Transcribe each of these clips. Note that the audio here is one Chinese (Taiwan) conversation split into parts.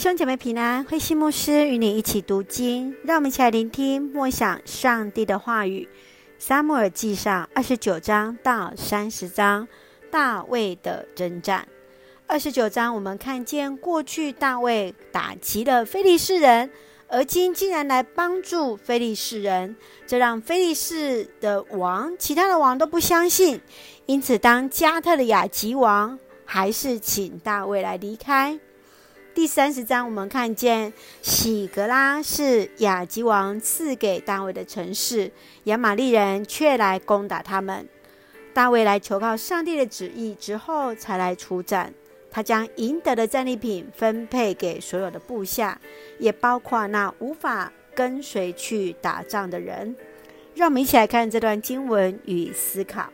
弟兄姐妹平安，慧馨牧師與你一起讀經，讓我們一起來聆聽默想上帝的話語。撒母耳記上二十九章到三十章，大衛的征戰。二十九章，我們看見過去大衛打擊了非利士人，而今竟然來幫助非利士人，這讓非利士的王、其他的王都不相信。因此，當迦特的亞吉王還是請大衛來離開。第三十章，我們看見洗革拉是亞吉王賜給大衛的城市，亞瑪力人卻來攻打他們。大衛來求告上帝的旨意之後，才來出戰。他將贏得的戰利品分配給所有的部下，也包括那無法跟隨去打仗的人。讓我們一起來看這段經文與思考，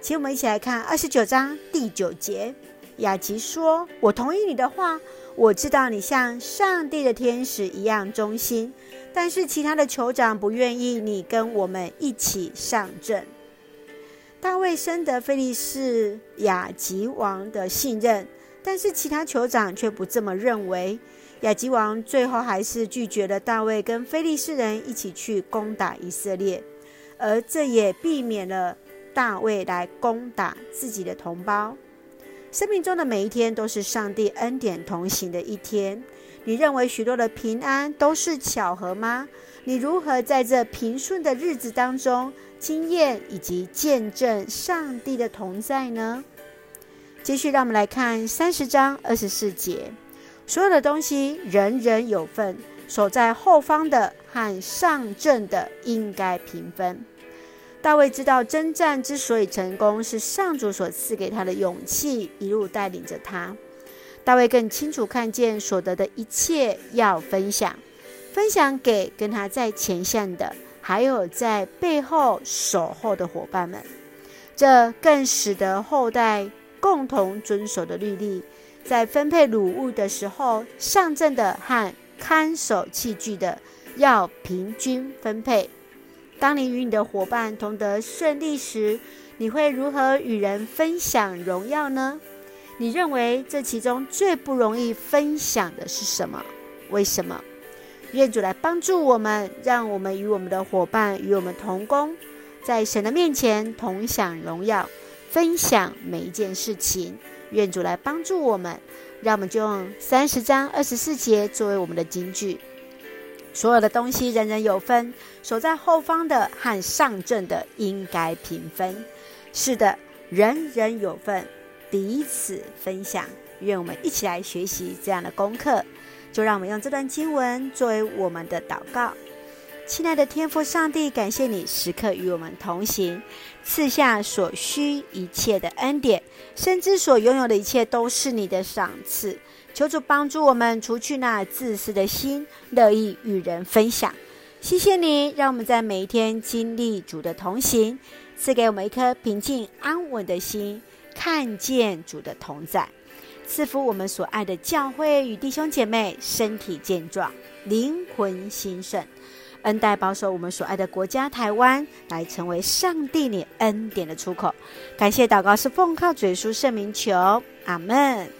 請我們一起來看二十九章第九節。亞吉說：“我同意你的話，我知道你像上帝的天使一樣忠心，但是其他的酋長不願意你跟我們一起上陣。”大衛深得非利士亞吉王的信任，但是其他酋長卻不這麼認為。亞吉王最後還是拒絕了大衛跟非利士人一起去攻打以色列，而這也避免了大衛來攻打自己的同胞。生命中的每一天都是上帝恩典同行的一天。你認為許多的平安都是巧合嗎？你如何在這平順的日子當中，經驗以及見證上帝的同在呢？繼續，讓我們來看三十章二十四節：所有的東西，人人有份。守在後方的和上陣的，應該平分。大衛知道征戰之所以成功，是上主所賜給他的勇氣，一路帶領着他。大衛更清楚看見所得的一切要分享，分享給跟他在前線的，還有在背後守候的夥伴們。這更使得後代共同遵守的律例，在分配擄物的時候，上陣的和看守器具的要平均分配。當你與你的夥伴同得順利時，你會如何與人分享榮耀呢？你認為這其中最不容易分享的是什麼？為什麼？願主來幫助我們，讓我們與我們的夥伴與我們同工，在神的面前同享榮耀，分享每一件事情。願主來幫助我們，讓我們就用三十章二十四節作為我們的金句。所有的東西，人人有份。守在後方的和上陣的應該平分。是的，人人有份，彼此分享。願我們一起來學習這樣的功課。就讓我們用這段經文作為我們的禱告。親愛的天父上帝，感謝你時刻與我們同行，賜下所需一切的恩典。深知所擁有的一切都是你的賞賜。求主幫助我們除去那自私的心，樂意與人分享。謝謝你，讓我們在每一天經歷主的同行，賜給我們一顆平靜安穩的心，看見主的同在，賜福我們所愛的教會與弟兄姐妹，身體健壯，靈魂興盛，恩待保守我們所愛的國家台灣，來成為上帝你恩典的出口。感謝禱告，是奉靠主耶穌聖名求，阿門。